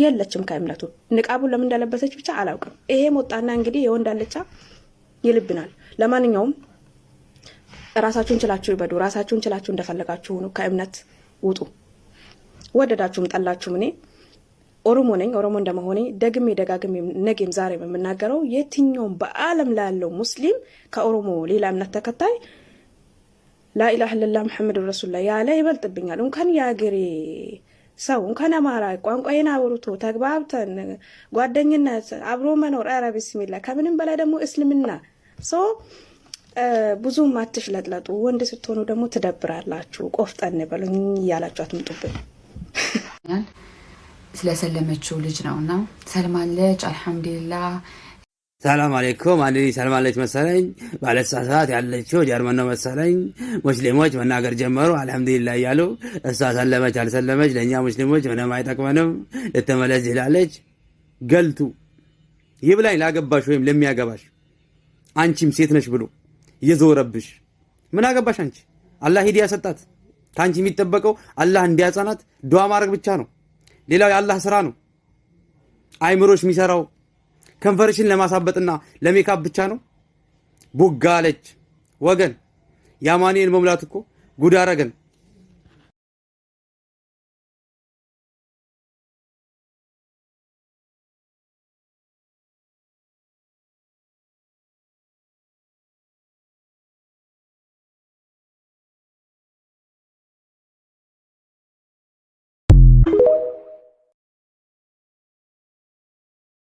የለችም ከእምነቱ ንቃቡን ለምን እንዳለበሰች ብቻ አላውቅም። ይሄም ወጣና እንግዲህ የወንድ አልጫ ይልብናል። ለማንኛውም ራሳችሁን ችላችሁ ይበዱ። ራሳችሁን ችላችሁ እንደፈለጋችሁ ሁኑ። ከእምነት ውጡ። ወደዳችሁም ጠላችሁም እኔ ኦሮሞ ነኝ። ኦሮሞ እንደመሆኔ ደግሜ ደጋግሜ ነገም ዛሬ የምናገረው የትኛውም በዓለም ላይ ያለው ሙስሊም ከኦሮሞ ሌላ እምነት ተከታይ ላኢላህ ኢለላህ መሐመድ ረሱሉላህ ያለ ይበልጥብኛል እንኳን የአገሬ ሰውን ከነማራ ቋንቋዬን አውርቶ ተግባብተን ጓደኝነት፣ አብሮ መኖር ኧረ ቢስሚላ። ከምንም በላይ ደግሞ እስልምና ሰው ብዙም አትሽለጥለጡ። ወንድ ስትሆኑ ደግሞ ትደብራላችሁ። ቆፍጠን በሉ እያላችሁ አትምጡብን። ስለሰለመችው ልጅ ነው እና ሰልማለች። አልሐምዱሊላህ ሰላም አሌይኩም አንድ አለች መሰለኝ ባለተሳሳት ያለችው ጀርመን ነው መሰለኝ። ሙስሊሞች መናገር ጀመሩ አልሐምዱሊላህ እያሉ። እሷ ሰለመች አልሰለመች ለእኛ ሙስሊሞች ምንም አይጠቅመንም፣ ልትመለስ ይላለች። ገልቱ ይብላኝ ላገባሽ ወይም ለሚያገባሽ አንቺም ሴት ነሽ ብሎ እየዞረብሽ ምን አገባሽ አንቺ። አላህ ሂዳያ ሰጣት። ከአንቺ የሚጠበቀው አላህ እንዲያጸናት ዱዓ ማድረግ ብቻ ነው። ሌላው የአላህ ስራ ነው። አይምሮሽ የሚሰራው ከንፈርሽን ለማሳበጥና ለሜካፕ ብቻ ነው? ቡጋለች ወገን። ያማኒን መሙላት እኮ ጉድ አረገን።